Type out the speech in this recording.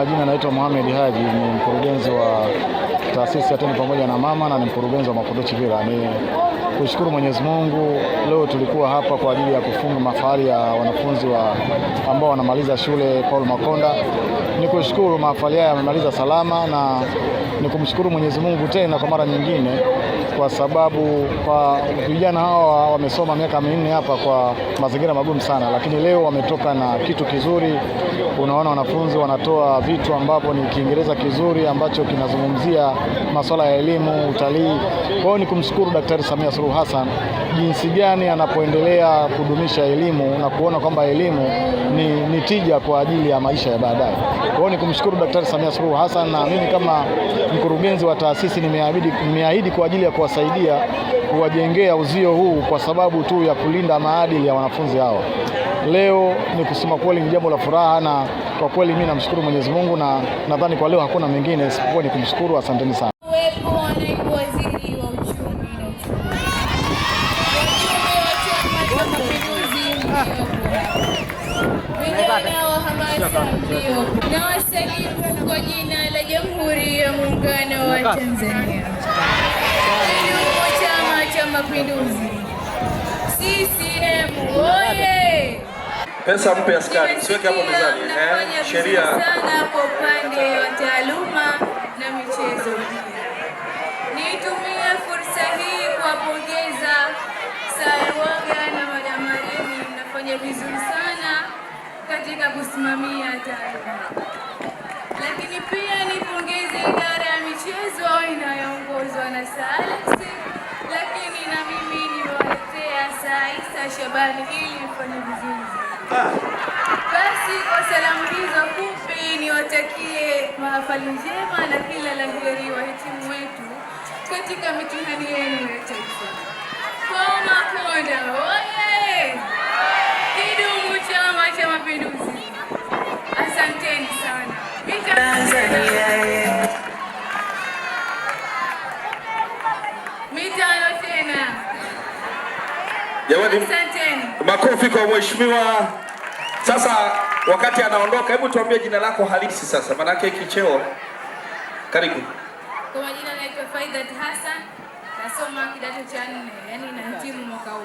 Majina anaitwa Mohamed Haji, ni mkurugenzi wa taasisi ya Teni pamoja na Mama na ni mkurugenzi wa Mapodochi Villa. Ni kushukuru Mwenyezi Mungu, leo tulikuwa hapa kwa ajili ya kufunga mahafali ya wanafunzi wa ambao wanamaliza shule Paul Makonda. Ni kushukuru mahafali haya yamemaliza salama na ni kumshukuru Mwenyezi Mungu tena kwa mara nyingine kwa sababu kwa vijana hawa wamesoma miaka minne hapa kwa mazingira magumu sana, lakini leo wametoka na kitu kizuri. Unaona, wanafunzi wanatoa vitu ambavyo ni Kiingereza kizuri ambacho kinazungumzia masuala ya elimu, utalii. Kwa hiyo ni kumshukuru Daktari Samia Suluhu Hassan jinsi gani anapoendelea kudumisha elimu na kuona kwamba elimu ni, ni tija kwa ajili ya maisha ya baadaye. Kwa hiyo ni kumshukuru Daktari Samia Suluhu Hassan, na mimi kama mkurugenzi wa taasisi nimeahidi kwa ajili ya kwa kuwasaidia kuwajengea uzio huu kwa sababu tu ya kulinda maadili ya wanafunzi hawa. Leo ni kusema kweli ni jambo la furaha, na kwa kweli mimi namshukuru Mwenyezi Mungu, na nadhani kwa leo hakuna mengine isipokuwa ni kumshukuru. Asanteni sana. wasalimu kwa jina la Jamhuri ya Muungano wa Tanzania. Mapinduzi CCM oye! Pesa mpe askari, siweke hapo mezani. Eh, sheria sana kwa upande wa taaluma na michezo. Nitumie fursa hii kuwapongeza Sarwaga na Madam nafanya mnafanya vizuri sana katika kusimamia taaluma, lakini pia nipongeze idara ya michezo inayoongozwa na Shabani ili mfanye vizuri ah. Basi kwa salamu hizo fupi, niwatakie mahafali njema na kila la heri wahitimu wetu katika mitihani yenu ya taifa. Makonda oye! Kidumu Chama cha Mapinduzi! Asanteni sana Tanzania. Jamani, makofi kwa mheshimiwa. Sasa wakati anaondoka, hebu tuambie jina lako halisi sasa, maanake kicheo. Karibu. Kwa majina naitwa Faidat Hassan, nasoma kidato cha 4, yani nahitimu mwaka huu.